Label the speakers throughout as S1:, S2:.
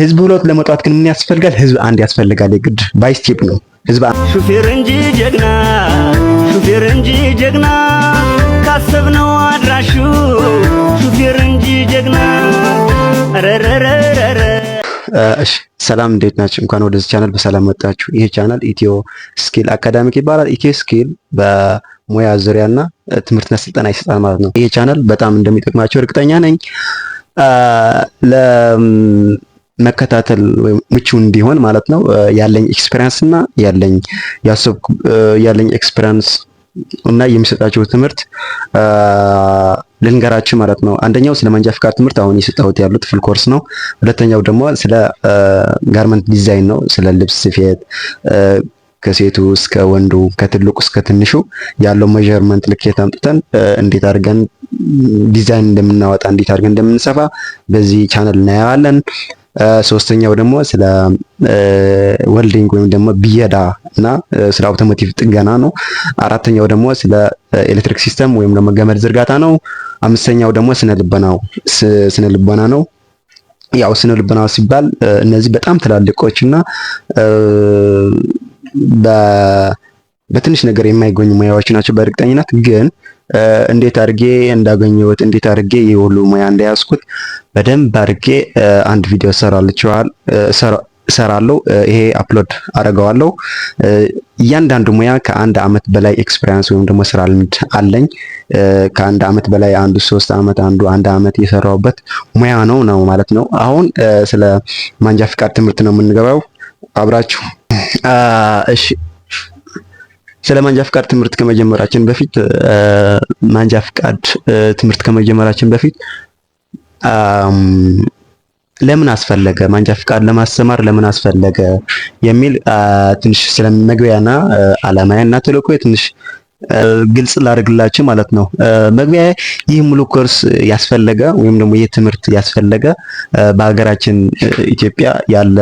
S1: ህዝብ ሁለት ለመጣት ግን ምን ያስፈልጋል? ህዝብ አንድ ያስፈልጋል። የግድ ባይስቴፕ ነው ህዝብ ሹፌር እንጂ ጀግና ሹፌር እንጂ ጀግና ካሰብነው አድራሹ ሹፌር እንጂ ጀግና ረረረረ እሺ ሰላም እንዴት ናችሁ? እንኳን ወደዚህ ቻናል በሰላም መጣችሁ። ይሄ ቻናል ኢትዮ ስኪል አካዳሚክ ይባላል። ኢትዮ ስኪል በሙያ ዙሪያና ትምህርትና ስልጠና ይሰጣል ማለት ነው። ይሄ ቻናል በጣም እንደሚጠቅማቸው እርግጠኛ ነኝ። መከታተል ምቹ እንዲሆን ማለት ነው ያለኝ ኤክስፔሪንስ እና ያለኝ ያሰብ ያለኝ ኤክስፔሪንስ እና የሚሰጣቸው ትምህርት ልንገራችሁ ማለት ነው። አንደኛው ስለ መንጃ ፍቃድ ትምህርት አሁን የሰጣሁት ያሉት ፉል ኮርስ ነው። ሁለተኛው ደግሞ ስለ ጋርመንት ዲዛይን ነው። ስለ ልብስ ስፌት ከሴቱ እስከ ወንዱ ከትልቁ እስከ ትንሹ ያለው ሜዠርመንት ልኬት አምጥተን እንዴት አድርገን ዲዛይን እንደምናወጣ እንዴት አድርገን እንደምንሰፋ በዚህ ቻነል እናየዋለን። ሶስተኛው ደግሞ ስለ ወልዲንግ ወይም ደግሞ ብየዳ እና ስለ አውቶሞቲቭ ጥገና ነው። አራተኛው ደግሞ ስለ ኤሌክትሪክ ሲስተም ወይም ደግሞ ገመድ ዝርጋታ ነው። አምስተኛው ደግሞ ስነ ልቦና ነው። ያው ስነ ልቦና ሲባል እነዚህ በጣም ትላልቆች እና በትንሽ ነገር የማይገኙ ሙያዎች ናቸው በእርግጠኝነት ግን እንዴት አድርጌ እንዳገኘሁት እንዴት አድርጌ ይህ ሁሉ ሙያ እንደያዝኩት በደንብ አድርጌ አንድ ቪዲዮ ሰራልችኋል እሰራለሁ። ይሄ አፕሎድ አደርገዋለሁ። እያንዳንዱ ሙያ ከአንድ አመት በላይ ኤክስፔሪያንስ ወይም ደግሞ ስራ ልምድ አለኝ። ከአንድ አመት በላይ አንዱ ሶስት አመት አንዱ አንድ አመት የሰራሁበት ሙያ ነው ነው ማለት ነው። አሁን ስለ ማንጃ ፍቃድ ትምህርት ነው የምንገባው። አብራችሁ እሺ ስለ ማንጃ ፍቃድ ትምህርት ከመጀመራችን በፊት ማንጃ ፍቃድ ትምህርት ከመጀመራችን በፊት ለምን አስፈለገ ማንጃ ፍቃድ ለማስተማር ለምን አስፈለገ የሚል ትንሽ ስለ መግቢያና ዓላማያና ተልእኮ ትንሽ ግልጽ ላድርግላችሁ ማለት ነው። መግቢያ ይህ ሙሉ ኮርስ ያስፈለገ ወይም ደግሞ ይህ ትምህርት ያስፈለገ በሀገራችን ኢትዮጵያ ያለ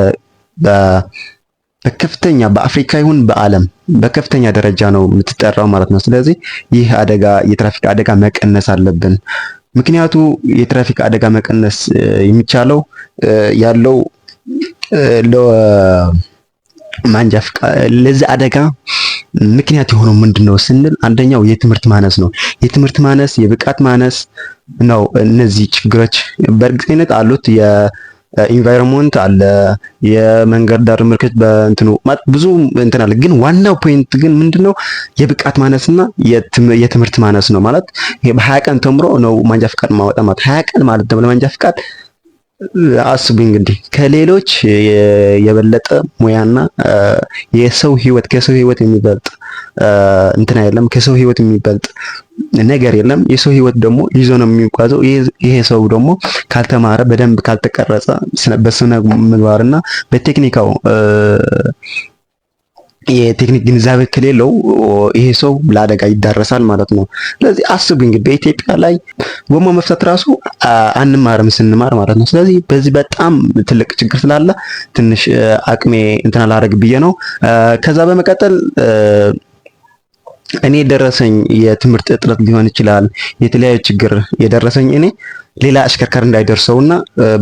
S1: በከፍተኛ በአፍሪካ ይሁን በዓለም በከፍተኛ ደረጃ ነው የምትጠራው ማለት ነው። ስለዚህ ይህ አደጋ የትራፊክ አደጋ መቀነስ አለብን። ምክንያቱ የትራፊክ አደጋ መቀነስ የሚቻለው ያለው ለማንጃ ለዚህ አደጋ ምክንያት የሆነው ምንድን ነው ስንል አንደኛው የትምህርት ማነስ ነው። የትምህርት ማነስ፣ የብቃት ማነስ ነው። እነዚህ ችግሮች በእርግጠኝነት አሉት። ኢንቫይሮንመንት አለ፣ የመንገድ ዳር ምልክት በእንትኑ ብዙ እንትን አለ። ግን ዋናው ፖይንት ግን ምንድነው የብቃት ማነስና የትምህርት ማነስ ነው። ማለት በሀያ ቀን ተምሮ ነው ማንጃ ፍቃድ ማወጣ ማለት ሀያ ቀን ማለት ነው ለማንጃ ፍቃድ አስቡ እንግዲህ ከሌሎች የበለጠ ሙያና የሰው ህይወት ከሰው ህይወት የሚበልጥ እንትን አይደለም። ከሰው ህይወት የሚበልጥ ነገር የለም። የሰው ህይወት ደግሞ ይዞ ነው የሚጓዘው። ይሄ ሰው ደግሞ ካልተማረ፣ በደንብ ካልተቀረጸ፣ በስነ ምግባርና በቴክኒካው የቴክኒክ ግንዛቤ ከሌለው ይሄ ሰው ለአደጋ ይዳረሳል ማለት ነው። ስለዚህ አስቡ እንግዲህ በኢትዮጵያ ላይ ጎማ መፍታት ራሱ አንማርም ስንማር ማለት ነው። ስለዚህ በዚህ በጣም ትልቅ ችግር ስላለ ትንሽ አቅሜ እንትን አላደርግ ብዬ ነው። ከዛ በመቀጠል እኔ ደረሰኝ የትምህርት እጥረት ሊሆን ይችላል፣ የተለያዩ ችግር የደረሰኝ እኔ ሌላ አሽከርካሪ እንዳይደርሰውና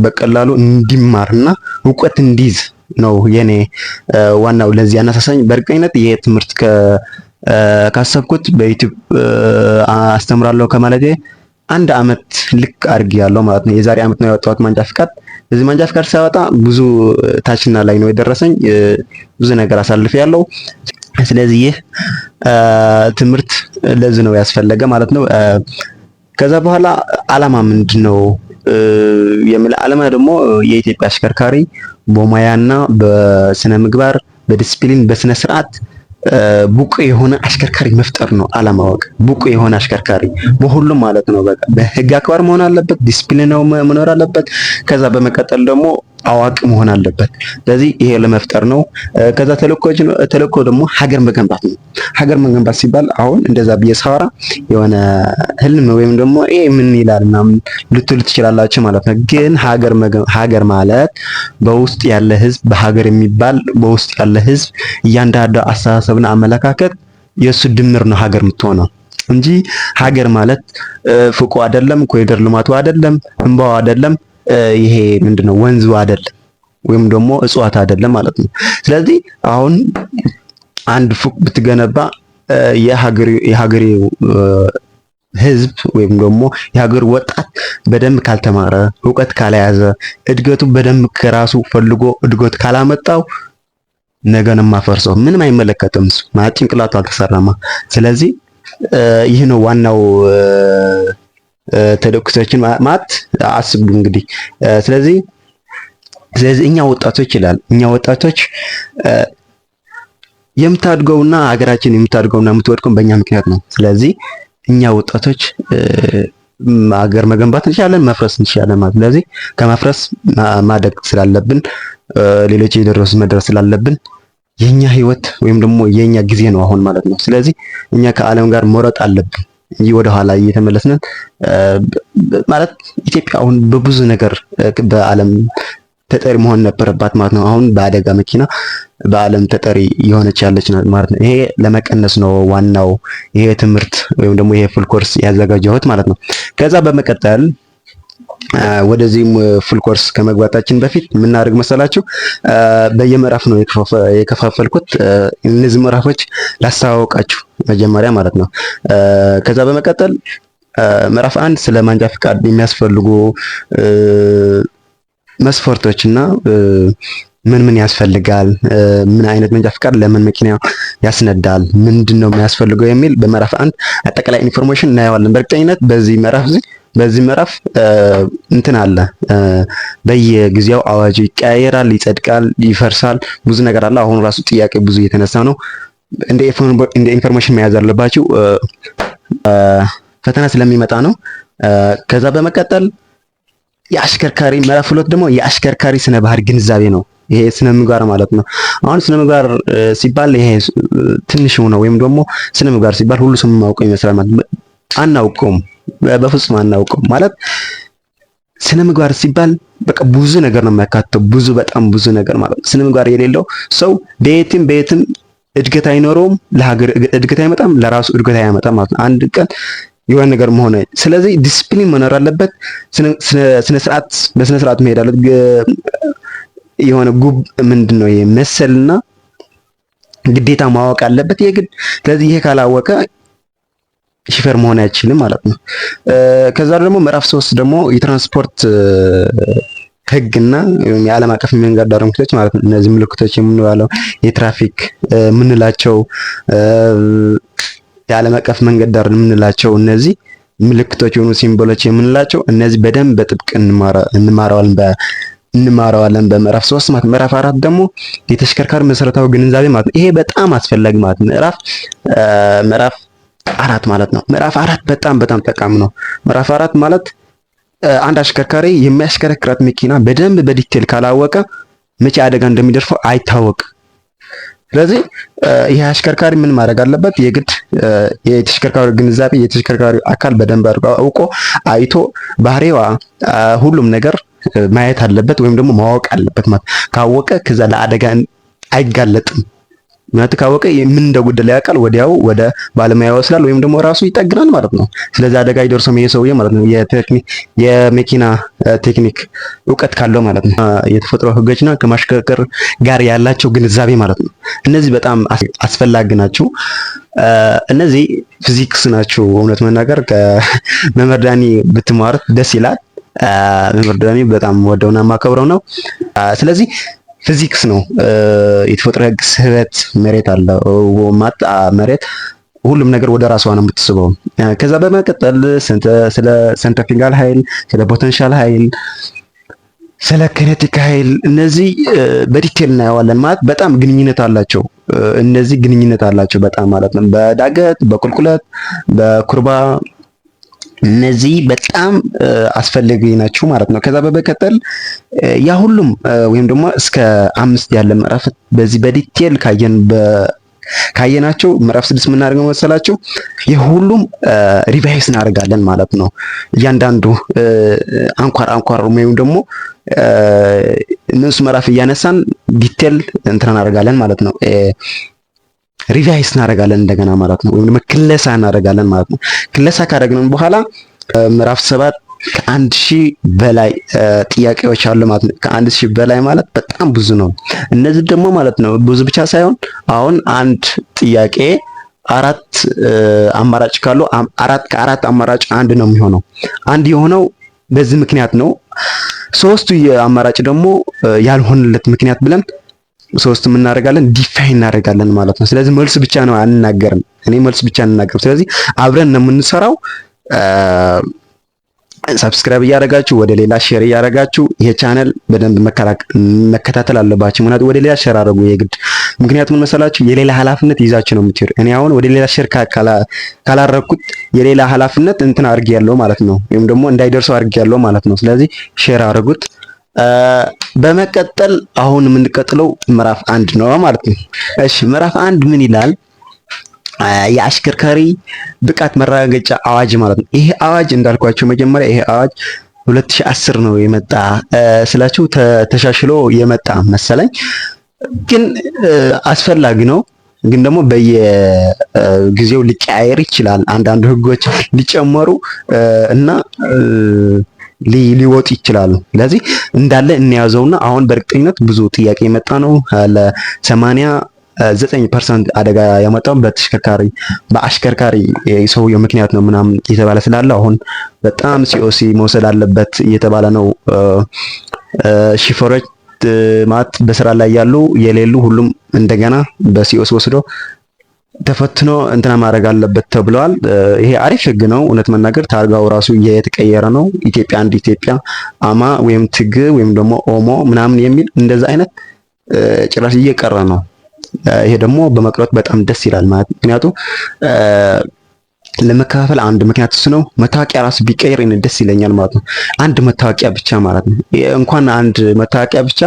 S1: በቀላሉ እንዲማርና እውቀት እንዲይዝ ነው የኔ ዋናው ለዚህ አነሳሳኝ። በእርግጠኝነት ትምህርት ካሰብኩት በዩቲዩብ አስተምራለሁ ከማለቴ አንድ አመት ልክ አድርጌ ያለው ማለት ነው። የዛሬ አመት ነው ያወጣሁት ማንጃ ፍቃድ። እዚህ ማንጃ ፍቃድ ሳወጣ ብዙ ታችና ላይ ነው የደረሰኝ። ብዙ ነገር አሳልፈ ያለው ስለዚህ ይህ ትምህርት ለዚህ ነው ያስፈለገ ማለት ነው። ከዛ በኋላ አላማ ምንድን ነው የሚል አላማ ደግሞ የኢትዮጵያ አሽከርካሪ በሙያና በስነ ምግባር፣ በዲስፕሊን፣ በስነ ስርዓት ብቁ የሆነ አሽከርካሪ መፍጠር ነው አላማ። በቃ ብቁ የሆነ አሽከርካሪ በሁሉም ማለት ነው። በቃ በህግ አክባር መሆን አለበት፣ ዲስፕሊን ነው መኖር አለበት። ከዛ በመቀጠል ደግሞ አዋቂ መሆን አለበት። ስለዚህ ይሄ ለመፍጠር ነው። ከዛ ተልእኮ ደግሞ ሀገር መገንባት ነው። ሀገር መገንባት ሲባል አሁን እንደዛ ብዬ ሳወራ የሆነ ህልም ወይም ደግሞ ይሄ ምን ይላል ምናምን ልትሉ ትችላላችሁ ማለት ነው። ግን ሀገር ማለት በውስጥ ያለ ህዝብ፣ በሀገር የሚባል በውስጥ ያለ ህዝብ እያንዳንዱ አስተሳሰብና አመለካከት የእሱ ድምር ነው ሀገር የምትሆነው እንጂ ሀገር ማለት ፍቁ አይደለም፣ ኮሪደር ልማቱ አይደለም፣ እንባው አይደለም ይሄ ምንድነው ወንዝ አይደለም ወይም ደግሞ እጽዋት አይደለም ማለት ነው። ስለዚህ አሁን አንድ ፉቅ ብትገነባ የሀገሬው ህዝብ ወይም ደግሞ የሀገር ወጣት በደንብ ካልተማረ እውቀት ካለያዘ እድገቱ በደንብ ከራሱ ፈልጎ እድገት ካላመጣው ነገን ማፈርሰው ምንም አይመለከትም። እሱ ማለት ጭንቅላቱ አልተሰራማ። ስለዚህ ይህ ነው ዋናው ተለኩሶችን ማት አስቡ እንግዲህ ስለዚህ ስለዚህ እኛ ወጣቶች ይላል እኛ ወጣቶች የምታድገውና ሀገራችን የምታድገውና የምትወድቀው በእኛ ምክንያት ነው። ስለዚህ እኛ ወጣቶች ሀገር መገንባት እንችላለን፣ መፍረስ እንችላለን ማለት ስለዚህ ከመፍረስ ማደግ ስላለብን ሌሎች የደረሱ መድረስ ስላለብን የኛ ህይወት ወይም ደግሞ የኛ ጊዜ ነው አሁን ማለት ነው። ስለዚህ እኛ ከዓለም ጋር መረጥ አለብን። ወደኋላ እየተመለስን ማለት ኢትዮጵያ አሁን በብዙ ነገር በዓለም ተጠሪ መሆን ነበረባት ማለት ነው። አሁን በአደጋ መኪና በዓለም ተጠሪ የሆነች ያለች ማለት ነው። ይሄ ለመቀነስ ነው ዋናው ይሄ ትምህርት ወይም ደግሞ ይሄ ፉል ኮርስ ያዘጋጀሁት ማለት ነው። ከዛ በመቀጠል ወደዚህም ፉል ኮርስ ከመግባታችን በፊት የምናደርግ መሰላችሁ በየምዕራፍ ነው የከፋፈልኩት። እነዚህ ምዕራፎች ላስተዋወቃችሁ መጀመሪያ ማለት ነው። ከዛ በመቀጠል ምዕራፍ አንድ ስለ ማንጃ ፍቃድ የሚያስፈልጉ መስፈርቶች እና ምን ምን ያስፈልጋል፣ ምን አይነት መንጃ ፍቃድ ለምን መኪና ያስነዳል፣ ምንድን ነው የሚያስፈልገው የሚል በምዕራፍ አንድ አጠቃላይ ኢንፎርሜሽን እናየዋለን። በእርግጠኝነት በዚህ ምዕራፍ በዚህ ምዕራፍ እንትን አለ። በየጊዜው አዋጅ ይቀያየራል፣ ይጸድቃል፣ ይፈርሳል፣ ብዙ ነገር አለ። አሁን ራሱ ጥያቄ ብዙ እየተነሳ ነው። እንደ ኢንፎርሜሽን መያዝ አለባችሁ። ፈተና ስለሚመጣ ነው። ከዛ በመቀጠል የአሽከርካሪ ምዕራፍ ሁለት ደግሞ የአሽከርካሪ ስነ ባህሪ ግንዛቤ ነው። ይሄ ስነ ምግባር ማለት ነው። አሁን ስነ ምግባር ሲባል ይሄ ትንሹ ነው፣ ወይም ደግሞ ስነ ምግባር ሲባል ሁሉ ሰው ማውቀው ይመስላል ማለት አናውቀውም። በፍጹም አናውቀው ማለት ስነ ምግባር ሲባል በቃ ብዙ ነገር ነው የሚያካትተው፣ ብዙ በጣም ብዙ ነገር ማለት ነው። ስነ ምግባር የሌለው ሰው በየትም በየትም እድገት አይኖረውም፣ ለሀገር እድገት አይመጣም፣ ለራሱ እድገት አይመጣም ማለት ነው። አንድ ቀን የሆነ ነገር መሆነ። ስለዚህ ዲስፕሊን መኖር አለበት። ስነ ስርዓት በስነ ስርዓት መሄድ አለበት። የሆነ ጉብ ምንድን ነው ግዴታ ማወቅ አለበት የግድ። ስለዚህ ይሄ ካላወቀ ሺፈር መሆን አይችልም ማለት ነው። ከዛ ደግሞ ምዕራፍ ሶስት ደግሞ የትራንስፖርት ህግና የዓለም አቀፍ መንገድ ዳር ምልክቶች ማለት ነው። እነዚህ ምልክቶች የምንባለው የትራፊክ የምንላቸው የዓለም አቀፍ መንገድ ዳር የምንላቸው እነዚህ ምልክቶች የሆኑ ሲምቦሎች የምንላቸው እነዚህ በደንብ በጥብቅ እንማረዋለን እንማረዋለን በምዕራፍ ሶስት ማለት ምዕራፍ አራት ደግሞ የተሽከርካሪ መሰረታዊ ግንዛቤ ማለት ነው። ይሄ በጣም አስፈላጊ ማለት ነው። ምዕራፍ ምዕራፍ አራት ማለት ነው። ምዕራፍ አራት በጣም በጣም ጠቃሚ ነው። ምዕራፍ አራት ማለት አንድ አሽከርካሪ የሚያሽከረክራት መኪና በደንብ በዲቴል ካላወቀ መቼ አደጋ እንደሚደርሰው አይታወቅም። ስለዚህ ይህ አሽከርካሪ ምን ማድረግ አለበት? የግድ የተሽከርካሪ ግንዛቤ የተሽከርካሪ አካል በደንብ አድርጎ አውቆ አይቶ ባህሪዋ፣ ሁሉም ነገር ማየት አለበት ወይም ደግሞ ማወቅ አለበት ማለት ካወቀ ከዛ ለአደጋ አይጋለጥም። ምክንያቱ ካወቀ ምን እንደጎደለ ያውቃል። ወዲያው ወደ ባለሙያ ይወስዳል ወይም ደግሞ ራሱ ይጠግናል ማለት ነው። ስለዚህ አደጋ ይደርሰው ይሄ ሰውዬ ማለት ነው። የመኪና ቴክኒክ እውቀት ካለው ማለት ነው። የተፈጥሮ ሕጎችና ከማሽከርከር ጋር ያላቸው ግንዛቤ ማለት ነው። እነዚህ በጣም አስፈላጊ ናቸው። እነዚህ ፊዚክስ ናቸው። እውነት መናገር ከመምህር ዳኒ ብትማሩት ደስ ይላል። መምህር ዳኒ በጣም ወደውና ማከብረው ነው። ስለዚህ ፊዚክስ ነው። የተፈጥሮ ህግ ስህበት መሬት አለ መሬት ሁሉም ነገር ወደ ራሷ ነው የምትስበው። ከዛ በመቀጠል ስለ ሰንትሪፊጋል ኃይል፣ ስለ ፖተንሻል ኃይል፣ ስለ ኬኔቲክ ኃይል እነዚህ በዲቴል እናየዋለን። ማለት በጣም ግንኙነት አላቸው። እነዚህ ግንኙነት አላቸው በጣም ማለት ነው በዳገት በቁልቁለት በኩርባ እነዚህ በጣም አስፈላጊ ናቸው ማለት ነው። ከዛ በመቀጠል ያ ሁሉም ወይም ደግሞ እስከ አምስት ያለ ምዕራፍ በዚህ በዲቴል ካየን ካየናቸው ምዕራፍ ስድስት የምናደርገው መሰላቸው የሁሉም ሪቫይስ እናደርጋለን ማለት ነው። እያንዳንዱ አንኳር አንኳር ወይም ደግሞ ንዑስ ምዕራፍ እያነሳን ዲቴል እንትን እናደርጋለን ማለት ነው። ሪቫይስ እናደርጋለን እንደገና ማለት ነው፣ ወይም ክለሳ እናደርጋለን ማለት ነው። ክለሳ ካደረግን በኋላ ምዕራፍ ሰባት ከአንድ ሺህ በላይ ጥያቄዎች አሉ ማለት ነው። ከአንድ ሺህ በላይ ማለት በጣም ብዙ ነው። እነዚህ ደግሞ ማለት ነው ብዙ ብቻ ሳይሆን አሁን አንድ ጥያቄ አራት አማራጭ ካሉ አራት ከአራት አማራጭ አንድ ነው የሚሆነው። አንድ የሆነው በዚህ ምክንያት ነው። ሶስቱ አማራጭ ደግሞ ያልሆንለት ምክንያት ብለን ሶስት እናደርጋለን ዲፋይን እናደርጋለን ማለት ነው። ስለዚህ መልስ ብቻ ነው አንናገርም። እኔ መልስ ብቻ አንናገርም። ስለዚህ አብረን ነው የምንሰራው። ሰብስክራይብ እያደረጋችሁ ወደ ሌላ ሼር እያደረጋችሁ ይሄ ቻነል በደንብ መከታተል አለባችሁ። ምክንያቱም ወደ ሌላ ሼር አድርጉ የግድ ምክንያቱም መሰላችሁ የሌላ ኃላፊነት ይዛችሁ ነው የምትሄዱ። እኔ አሁን ወደ ሌላ ሼር ካላረኩት የሌላ ኃላፊነት እንትን አድርጌ ያለው ማለት ነው፣ ወይም ደግሞ እንዳይደርሰው አድርጌ ያለው ማለት ነው። ስለዚህ ሼር አድርጉት። በመቀጠል አሁን የምንቀጥለው ምዕራፍ አንድ ነው ማለት ነው። እሺ ምዕራፍ አንድ ምን ይላል? የአሽከርካሪ ብቃት መረጋገጫ አዋጅ ማለት ነው። ይሄ አዋጅ እንዳልኳቸው መጀመሪያ ይሄ አዋጅ 2010 ነው የመጣ ስላችሁ ተሻሽሎ የመጣ መሰለኝ፣ ግን አስፈላጊ ነው። ግን ደግሞ በየጊዜው ሊቀያየር ይችላል። አንዳንድ ህጎች ሊጨመሩ እና ሊወጡ ይችላሉ። ስለዚህ እንዳለ እንያዘውና አሁን በእርግጠኝነት ብዙ ጥያቄ የመጣ ነው ለሰማንያ ዘጠኝ ፐርሰንት አደጋ ያመጣው በተሽከርካሪ በአሽከርካሪ የሰውየው ምክንያት ነው ምናምን እየተባለ ስላለ አሁን በጣም ሲኦሲ መውሰድ አለበት እየተባለ ነው። ሺፈሮች ማለት በስራ ላይ ያሉ የሌሉ ሁሉም እንደገና በሲኦሲ ወስዶ ተፈትኖ እንትና ማድረግ አለበት ተብለዋል። ይሄ አሪፍ ህግ ነው። እውነት መናገር ታርጋው ራሱ እየተቀየረ ነው። ኢትዮጵያ አንድ ኢትዮጵያ፣ አማ ወይም ትግ ወይም ደግሞ ኦሞ ምናምን የሚል እንደዛ አይነት ጭራሽ እየቀረ ነው። ይሄ ደግሞ በመቅረት በጣም ደስ ይላል ማለት ምክንያቱ ለመከፋፈል አንድ ምክንያት እሱ ነው። መታወቂያ ራሱ ቢቀየር ደስ ይለኛል ማለት ነው። አንድ መታወቂያ ብቻ ማለት ነው። እንኳን አንድ መታወቂያ ብቻ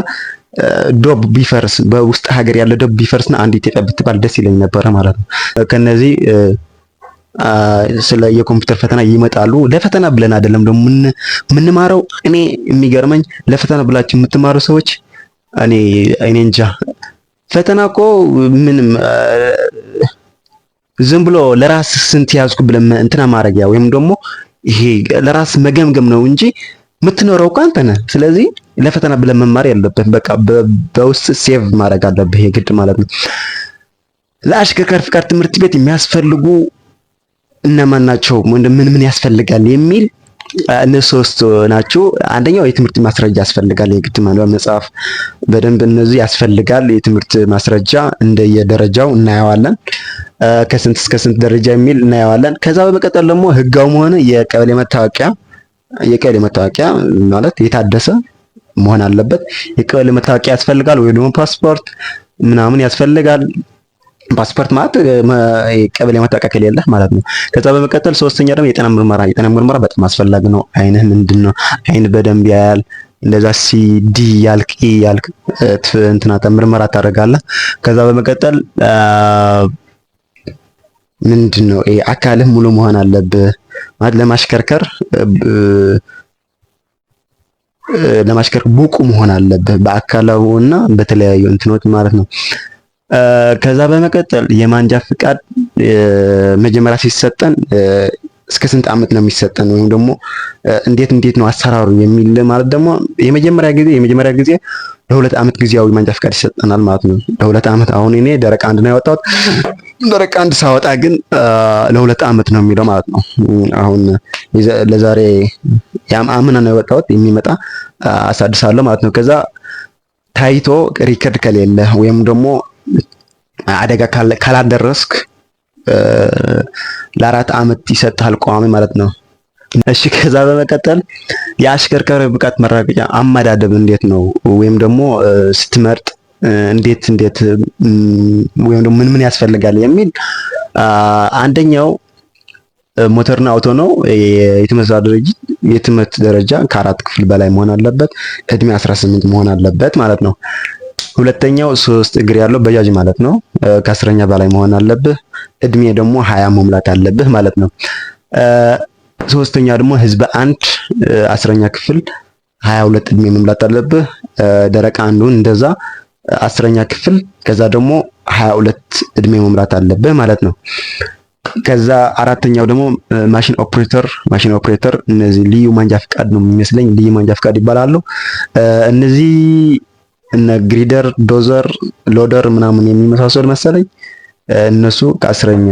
S1: ዶብ ቢፈርስ በውስጥ ሀገር ያለ ዶብ ቢፈርስና አንድ ኢትዮጵያ ብትባል ደስ ይለኝ ነበረ ማለት ነው። ከነዚህ ስለ የኮምፒውተር ፈተና ይመጣሉ። ለፈተና ብለን አይደለም ደግሞ የምንማረው። እኔ የሚገርመኝ ለፈተና ብላችሁ የምትማሩ ሰዎች እኔ እኔ እንጃ። ፈተና እኮ ምንም ዝም ብሎ ለራስ ስንት ያዝኩ ብለን እንትና ማድረጊያ ወይም ደግሞ ይሄ ለራስ መገምገም ነው እንጂ የምትኖረው እኮ አንተ ነህ። ስለዚህ ለፈተና ብለን መማር ያለብህ በቃ በውስጥ ሴቭ ማድረግ አለብህ የግድ ማለት ነው። ለአሽከርካሪ ፍቃድ ትምህርት ቤት የሚያስፈልጉ እነማን ናቸው? ምን ምን ያስፈልጋል የሚል እነሱ ሶስት ናቸው። አንደኛው የትምህርት ማስረጃ ያስፈልጋል የግድ ማንበብ መጽሐፍ በደንብ እነዚህ ያስፈልጋል። የትምህርት ማስረጃ እንደየደረጃው እናየዋለን። ከስንት እስከ ስንት ደረጃ የሚል እናየዋለን። ከዛ በመቀጠል ደግሞ ህጋውም ሆነ የቀበሌ መታወቂያ የቀበሌ መታወቂያ ማለት የታደሰ መሆን አለበት። የቀበሌ መታወቂያ ያስፈልጋል ወይ ደግሞ ፓስፖርት ምናምን ያስፈልጋል። ፓስፖርት ማለት ቀበሌ መታወቂያ ከሌለ ማለት ነው። ከዛ በመቀጠል ሶስተኛ ደግሞ የጤና ምርመራ። የጤና ምርመራ በጣም አስፈላጊ ነው። አይንህ ምንድን ነው? አይን በደንብ ያያል። እንደዛ ሲዲ ያልክ ያልክ እንትና ምርመራ ታደርጋለህ። ከዛ በመቀጠል ምንድን ነው አካልህ ሙሉ መሆን አለብህ። ለማሽከርከር ለማሽከርከር ብቁ መሆን አለብህ በአካላዊ እና በተለያዩ እንትኖች ማለት ነው። ከዛ በመቀጠል የማንጃ ፍቃድ መጀመሪያ ሲሰጠን እስከ ስንት ዓመት ነው የሚሰጠን ወይም ደግሞ እንዴት እንዴት ነው አሰራሩ የሚል ማለት ደግሞ የመጀመሪያ ጊዜ የመጀመሪያ ጊዜ ለሁለት ዓመት ጊዜያዊ ማንጃ ፍቃድ ይሰጠናል ማለት ነው። ለሁለት ዓመት አሁን እኔ ደረቅ አንድ ነው ያወጣሁት። ደረቅ አንድ ሳወጣ ግን ለሁለት ዓመት ነው የሚለው ማለት ነው። አሁን ለዛሬ አምና ነው የወጣሁት የሚመጣ አሳድሳለሁ ማለት ነው። ከዛ ታይቶ ሪከርድ ከሌለ ወይም ደግሞ አደጋ ካላደረስክ ለአራት ዓመት ይሰጥሃል ቋሚ ማለት ነው። እሺ ከዛ በመቀጠል የአሽከርካሪ ብቃት መረጋገጫ አመዳደብ እንዴት ነው ወይም ደግሞ ስትመርጥ እንዴት እንዴት ወይም ደግሞ ምን ምን ያስፈልጋል የሚል አንደኛው ሞተርና አውቶ ነው። የትምህርት ድርጅት የትምህርት ደረጃ ከአራት ክፍል በላይ መሆን አለበት። እድሜ 18 መሆን አለበት ማለት ነው። ሁለተኛው ሶስት እግር ያለው በጃጅ ማለት ነው። ከአስረኛ በላይ መሆን አለብህ። እድሜ ደግሞ ሀያ መሙላት አለብህ ማለት ነው። ሶስተኛ ደግሞ ህዝብ አንድ አስረኛ ክፍል ሀያ ሁለት እድሜ መሙላት አለብህ። ደረቅ አንዱን እንደዛ አስረኛ ክፍል ከዛ ደግሞ ሀያ ሁለት እድሜ መምራት አለብህ ማለት ነው። ከዛ አራተኛው ደግሞ ማሽን ኦፕሬተር ማሽን ኦፕሬተር እነዚህ ልዩ ማንጃ ፍቃድ ነው የሚመስለኝ፣ ልዩ ማንጃ ፍቃድ ይባላሉ እነዚህ እነ ግሪደር፣ ዶዘር፣ ሎደር ምናምን የሚመሳሰሉ መሰለኝ። እነሱ ከአስረኛ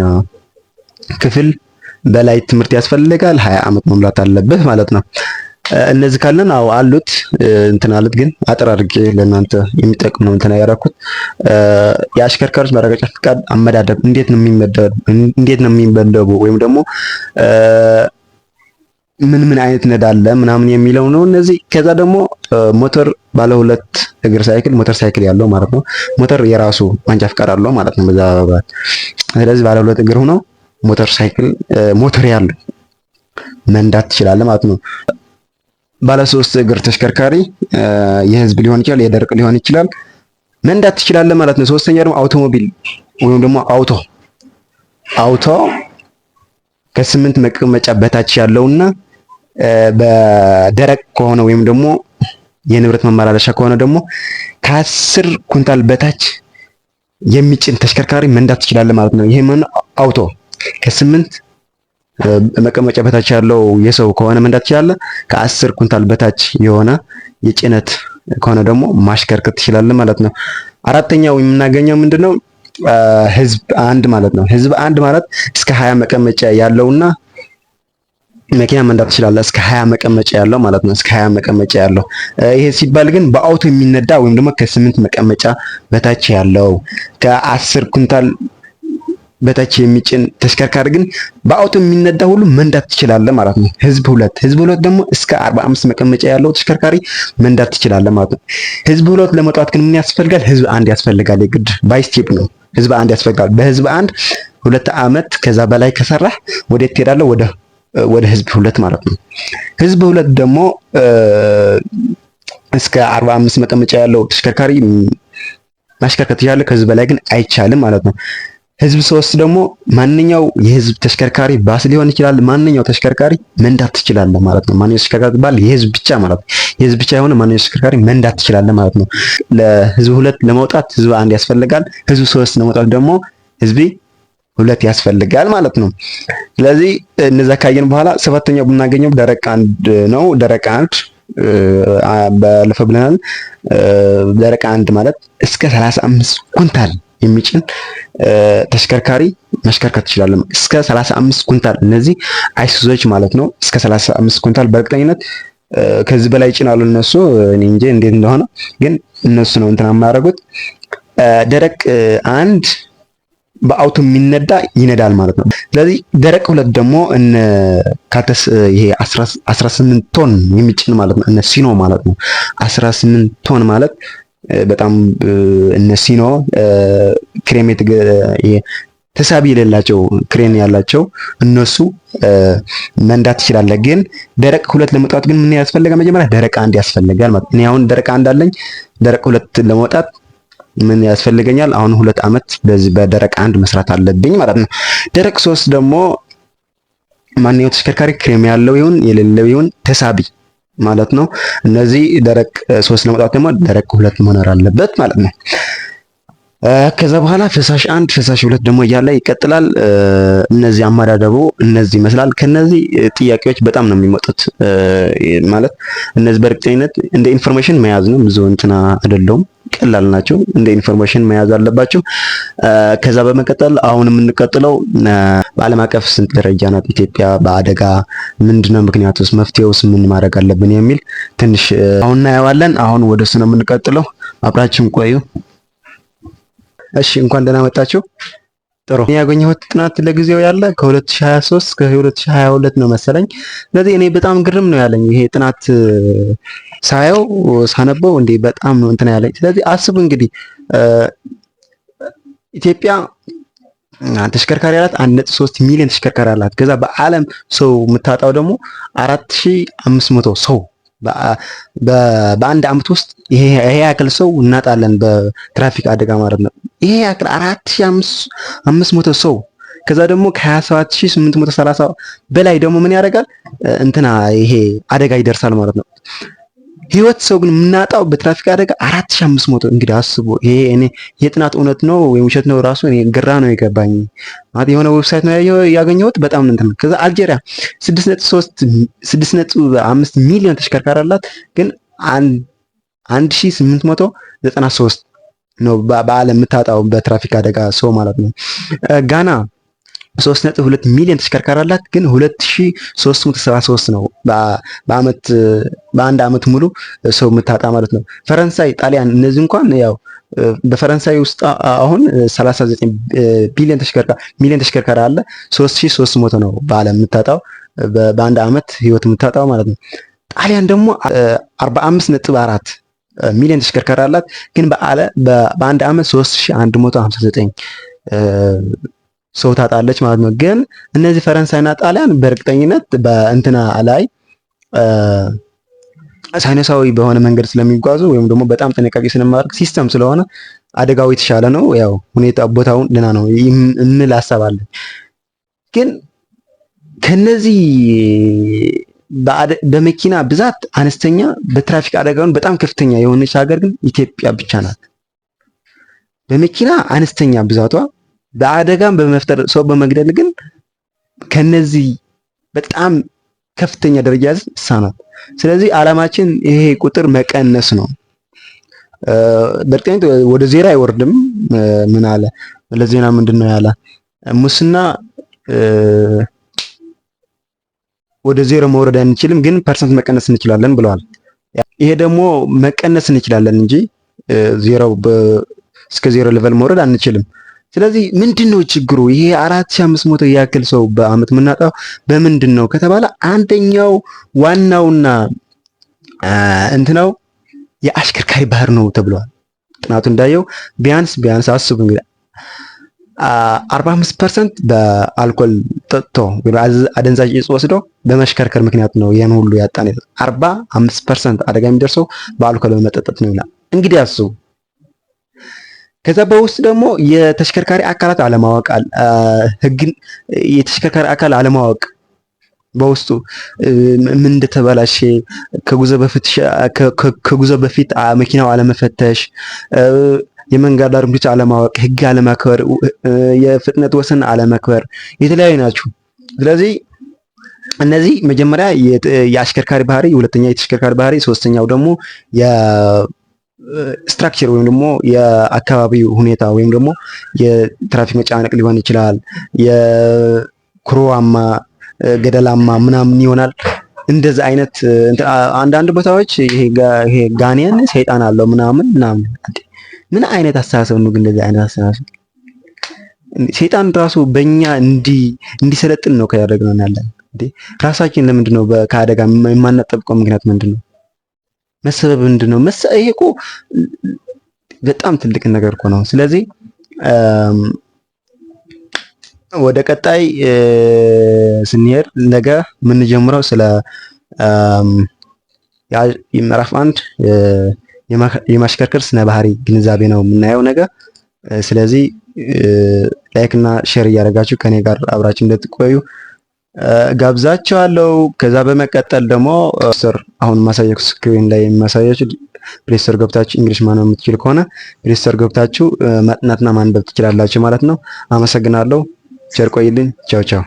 S1: ክፍል በላይ ትምህርት ያስፈልጋል፣ ሀያ ዓመት መምራት አለብህ ማለት ነው። እነዚህ ካለን አው አሉት እንትን አሉት ግን አጠር አድርጌ ለእናንተ የሚጠቅም ነው እንትን ያደረኩት። የአሽከርካሪዎች ማረጋገጫ ፍቃድ አመዳደብ እንዴት ነው የሚመደቡ ወይም ደግሞ ምን ምን አይነት ነዳ አለ ምናምን የሚለው ነው። እነዚህ ከዛ ደግሞ ሞተር ባለ ሁለት እግር ሳይክል ሞተር ሳይክል ያለው ማለት ነው። ሞተር የራሱ ማንጃ ፍቃድ አለው ማለት ነው። በዛ ስለዚህ ባለ ሁለት እግር ሆኖ ሞተር ሳይክል ሞተር ያለው መንዳት ትችላለህ ማለት ነው። ባለ ሶስት እግር ተሽከርካሪ የህዝብ ሊሆን ይችላል፣ የደረቅ ሊሆን ይችላል መንዳት ትችላለህ ማለት ነው። ሶስተኛ ደግሞ አውቶሞቢል ወይም ደግሞ አውቶ አውቶ ከስምንት መቀመጫ በታች ያለውና በደረቅ ከሆነ ወይም ደግሞ የንብረት መመላለሻ ከሆነ ደግሞ ከአስር ኩንታል በታች የሚጭን ተሽከርካሪ መንዳት ትችላለህ ማለት ነው። ይሄ ምን አውቶ ከስምንት መቀመጫ በታች ያለው የሰው ከሆነ መንዳት ትችላለህ። ከአስር ኩንታል በታች የሆነ የጭነት ከሆነ ደግሞ ማሽከርከር ትችላለህ ማለት ነው። አራተኛው የምናገኘው ምንድነው? ህዝብ አንድ ማለት ነው። ህዝብ አንድ ማለት እስከ ሀያ መቀመጫ ያለውና መኪና መንዳት ትችላለህ። እስከ ሀያ መቀመጫ ያለው ማለት ነው። እስከ ሀያ መቀመጫ ያለው ይሄ ሲባል ግን በአውቶ የሚነዳ ወይም ደግሞ ከስምንት መቀመጫ በታች ያለው ከአስር ኩንታል በታች የሚጭን ተሽከርካሪ ግን በአውቶ የሚነዳ ሁሉ መንዳት ትችላለ ማለት ነው። ህዝብ ሁለት ህዝብ ሁለት ደግሞ እስከ 45 መቀመጫ ያለው ተሽከርካሪ መንዳት ትችላለ ማለት ነው። ህዝብ ሁለት ለመውጣት ግን ምን ያስፈልጋል? ህዝብ አንድ ያስፈልጋል። የግድ ባይስቴፕ ነው። ህዝብ አንድ ያስፈልጋል። በህዝብ አንድ ሁለት አመት ከዛ በላይ ከሰራህ ወደ ትሄዳለህ? ወደ ወደ ህዝብ ሁለት ማለት ነው። ህዝብ ሁለት ደግሞ እስከ 45 መቀመጫ ያለው ተሽከርካሪ ማሽከርከር ትችላለህ። ከዚህ በላይ ግን አይቻልም ማለት ነው። ህዝብ ሶስት ደግሞ ማንኛው የህዝብ ተሽከርካሪ ባስ ሊሆን ይችላል። ማንኛው ተሽከርካሪ መንዳት ትችላለህ ማለት ነው። ማንኛው ተሽከርካሪ ባል የህዝብ ብቻ ማለት ነው። የህዝብ ብቻ የሆነ ማንኛው ተሽከርካሪ መንዳት ትችላለህ ማለት ነው። ለህዝብ ሁለት ለመውጣት ህዝብ አንድ ያስፈልጋል። ህዝብ ሶስት ለመውጣት ደግሞ ህዝብ ሁለት ያስፈልጋል ማለት ነው። ስለዚህ እነዛ ካየን በኋላ ሰባተኛው ብናገኘው ደረቅ አንድ ነው። ደረቅ አንድ ባለፈው ብለናል። ደረቅ አንድ ማለት እስከ ሰላሳ አምስት ኩንታል የሚጭን ተሽከርካሪ መሽከርከር ትችላለን። እስከ 35 ኩንታል እነዚህ አይሱዞች ማለት ነው። እስከ 35 ኩንታል በእርግጠኝነት ከዚህ በላይ ይጭናሉ እነሱ። እኔ እንጂ እንዴት እንደሆነ ግን እነሱ ነው እንትና የማያደርጉት። ደረቅ አንድ በአውቶ የሚነዳ ይነዳል ማለት ነው። ስለዚህ ደረቅ ሁለት ደግሞ እነ ካተስ ይሄ 18 ቶን የሚጭን ማለት ነው። እነ ሲኖ ማለት ነው 18 ቶን ማለት በጣም እነ ሲኖ ክሬሜት ተሳቢ የሌላቸው ክሬን ያላቸው እነሱ መንዳት ይችላል። ግን ደረቅ ሁለት ለመውጣት ግን ምን ያስፈልጋል? መጀመሪያ ደረቅ አንድ ያስፈልጋል ማለት እኔ አሁን ደረቅ አንድ አለኝ። ደረቅ ሁለት ለመውጣት ምን ያስፈልገኛል? አሁን ሁለት አመት በዚህ በደረቅ አንድ መስራት አለብኝ ማለት ነው። ደረቅ ሶስት ደግሞ ማንኛው ተሽከርካሪ ክሬም ያለው ይሁን የሌለው ይሁን ተሳቢ ማለት ነው። እነዚህ ደረቅ ሶስት ለመውጣት ደግሞ ደረቅ ሁለት መኖር አለበት ማለት ነው። ከዛ በኋላ ፈሳሽ አንድ ፈሳሽ ሁለት ደግሞ እያለ ይቀጥላል። እነዚህ አመዳደቡ እነዚህ ይመስላል። ከነዚህ ጥያቄዎች በጣም ነው የሚመጡት። ማለት እነዚህ በእርግጠኝነት እንደ ኢንፎርሜሽን መያዝ ነው። ብዙ እንትና አይደለውም፣ ቀላል ናቸው። እንደ ኢንፎርሜሽን መያዝ አለባቸው። ከዛ በመቀጠል አሁን የምንቀጥለው በዓለም አቀፍ ስንት ደረጃ ናት ኢትዮጵያ በአደጋ ምንድነው ምክንያቱ ውስጥ መፍትሄውስ ምን ማድረግ አለብን የሚል ትንሽ አሁን እናየዋለን። አሁን ወደሱ ነው የምንቀጥለው። አብራችሁን ቆዩ። እሺ እንኳን ደህና መጣችሁ። ጥሩ እኔ ያገኘሁት ጥናት ለጊዜው ያለ ከ2023 እስከ 2022 ነው መሰለኝ። ስለዚህ እኔ በጣም ግርም ነው ያለኝ ይሄ ጥናት ሳየው ሳነበው፣ እንዴ በጣም ነው እንትን ያለኝ። ስለዚህ አስቡ እንግዲህ ኢትዮጵያ ተሽከርካሪ አላት 1.3 ሚሊዮን ተሽከርካሪ አላት። ከዛ በዓለም ሰው የምታጣው ደግሞ 4500 ሰው በአንድ አመት ውስጥ ይሄ ያክል ሰው እናጣለን በትራፊክ አደጋ ማለት ነው። ይሄ ያክል አራት አምስት መቶ ሰው ከዛ ደግሞ ከ ሰላሳ በላይ ደግሞ ምን ያደርጋል እንትና ይሄ አደጋ ይደርሳል ማለት ነው። ህይወት ሰው ግን የምናጣው በትራፊክ አደጋ አራት ሺህ አምስት መቶ እንግዲህ አስቦ ይሄ እኔ የጥናት እውነት ነው ወይም ውሸት ነው ራሱ እኔ ግራ ነው የገባኝ። ማለት የሆነ ዌብሳይት ነው ያገኘሁት በጣም እንትን ነው። ከዛ አልጄሪያ ስድስት ነጥብ ሶስት ስድስት ነጥብ አምስት ሚሊዮን ተሽከርካሪ አላት ግን አንድ ሺህ ስምንት መቶ ዘጠና ሶስት ነው በዓለም የምታጣው በትራፊክ አደጋ ሰው ማለት ነው። ጋና 3.2 ሚሊዮን ተሽከርካሪ አላት፣ ግን 2373 ነው በአመት በአንድ አመት ሙሉ ሰው የምታጣ ማለት ነው። ፈረንሳይ፣ ጣሊያን እነዚህ እንኳን ያው በፈረንሳይ ውስጥ አሁን 39 ቢሊዮን ተሽከርካሪ ሚሊዮን ተሽከርካሪ አለ፣ 3300 ነው በአለም የምታጣው በአንድ አመት ህይወት የምታጣው ማለት ነው። ጣሊያን ደግሞ 45.4 ሚሊዮን ተሽከርካሪ አላት፣ ግን በአንድ አመት 3159 ሰው ታጣለች ማለት ነው። ግን እነዚህ ፈረንሳይና ጣሊያን በእርግጠኝነት በእንትና ላይ ሳይነሳዊ በሆነ መንገድ ስለሚጓዙ ወይም ደግሞ በጣም ጥንቃቄ ስለማድረግ ሲስተም ስለሆነ አደጋው የተሻለ ነው። ያው ሁኔታ ቦታውን ደህና ነው እንል አሰባለን። ግን ከነዚህ በመኪና ብዛት አነስተኛ በትራፊክ አደጋውን በጣም ከፍተኛ የሆነች ሀገር ግን ኢትዮጵያ ብቻ ናት። በመኪና አነስተኛ ብዛቷ በአደጋም በመፍጠር ሰው በመግደል ግን ከነዚህ በጣም ከፍተኛ ደረጃ ይሳናል። ስለዚህ አላማችን ይሄ ቁጥር መቀነስ ነው። በእርግጠኝነት ወደ ዜሮ አይወርድም። ምን አለ ለዜና ምንድን ነው ያለ ሙስና ወደ ዜሮ መውረድ አንችልም፣ ግን ፐርሰንት መቀነስ እንችላለን ብለዋል። ይሄ ደግሞ መቀነስ እንችላለን እንጂ ዜሮ እስከ ዜሮ ሌቨል መውረድ አንችልም። ስለዚህ ምንድን ነው ችግሩ? ይሄ አራት ሺህ ያክል ሰው በአመት የምናጣው በምንድን ነው ከተባለ አንደኛው ዋናውና እንትናው የአሽከርካሪ ባህር ነው ተብሏል። ጥናቱ እንዳየው ቢያንስ ቢያንስ አስቡ እንግዲህ 45% በአልኮል ጠጥቶ አደንዛዥ እጽ ወስዶ በመሽከርከር ምክንያት ነው ይህን ሁሉ ያጣን። 45% አደጋ የሚደርሰው በአልኮል በመጠጠት ነው ይላል። እንግዲህ አስቡ። ከዛ በውስጥ ደግሞ የተሽከርካሪ አካላት አለማወቅ ህግ የተሽከርካሪ አካል አለማወቅ በውስጡ ምን እንደተበላሸ ከጉዞ በፊት መኪናው አለመፈተሽ፣ የመንገድ ዳር አለማወቅ፣ ህግ አለማክበር፣ የፍጥነት ወሰን አለማክበር የተለያዩ ናቸው። ስለዚህ እነዚህ መጀመሪያ የአሽከርካሪ ባህሪ፣ ሁለተኛ የተሽከርካሪ ባህሪ፣ ሶስተኛው ደግሞ ስትራክቸር ወይም ደግሞ የአካባቢው ሁኔታ ወይም ደግሞ የትራፊክ መጨናነቅ ሊሆን ይችላል። የኩሮዋማ ገደላማ ምናምን ይሆናል። እንደዚህ አይነት አንዳንድ ቦታዎች ይሄ ጋኔን ሰይጣን አለው ምናምን ምናምን ምን አይነት አስተሳሰብ ነው? ግን እንደዚህ አይነት አስተሳሰብ ሰይጣን ራሱ በእኛ እንዲሰለጥን ነው ከያደረግነው ያለን። ራሳችን ለምንድን ነው ከአደጋ የማናጠብቀው? ምክንያት ምንድን ነው? መሰበብ ምንድን ነው? ይሄ እኮ በጣም ትልቅ ነገር እኮ ነው። ስለዚህ ወደ ቀጣይ ስንሄድ ነገ የምንጀምረው ስለ ምዕራፍ አንድ የማሽከርከር ስነ ባህሪ ግንዛቤ ነው የምናየው ነገ። ስለዚህ ላይክ እና ሼር እያደረጋችሁ ከኔ ጋር አብራችሁ እንደትቆዩ አለው ከዛ በመቀጠል ደግሞ ፕሌስቶር አሁን ማሳየው ስክሪን ላይ የሚያሳያችሁ ፕሌስቶር ገብታችሁ እንግሊሽ ማንበብ የምትችል ከሆነ ፕሌስቶር ገብታችሁ መጥናትና ማንበብ ትችላላችሁ ማለት ነው። አመሰግናለሁ። ቸር ቆይልኝ። ቻው ቻው።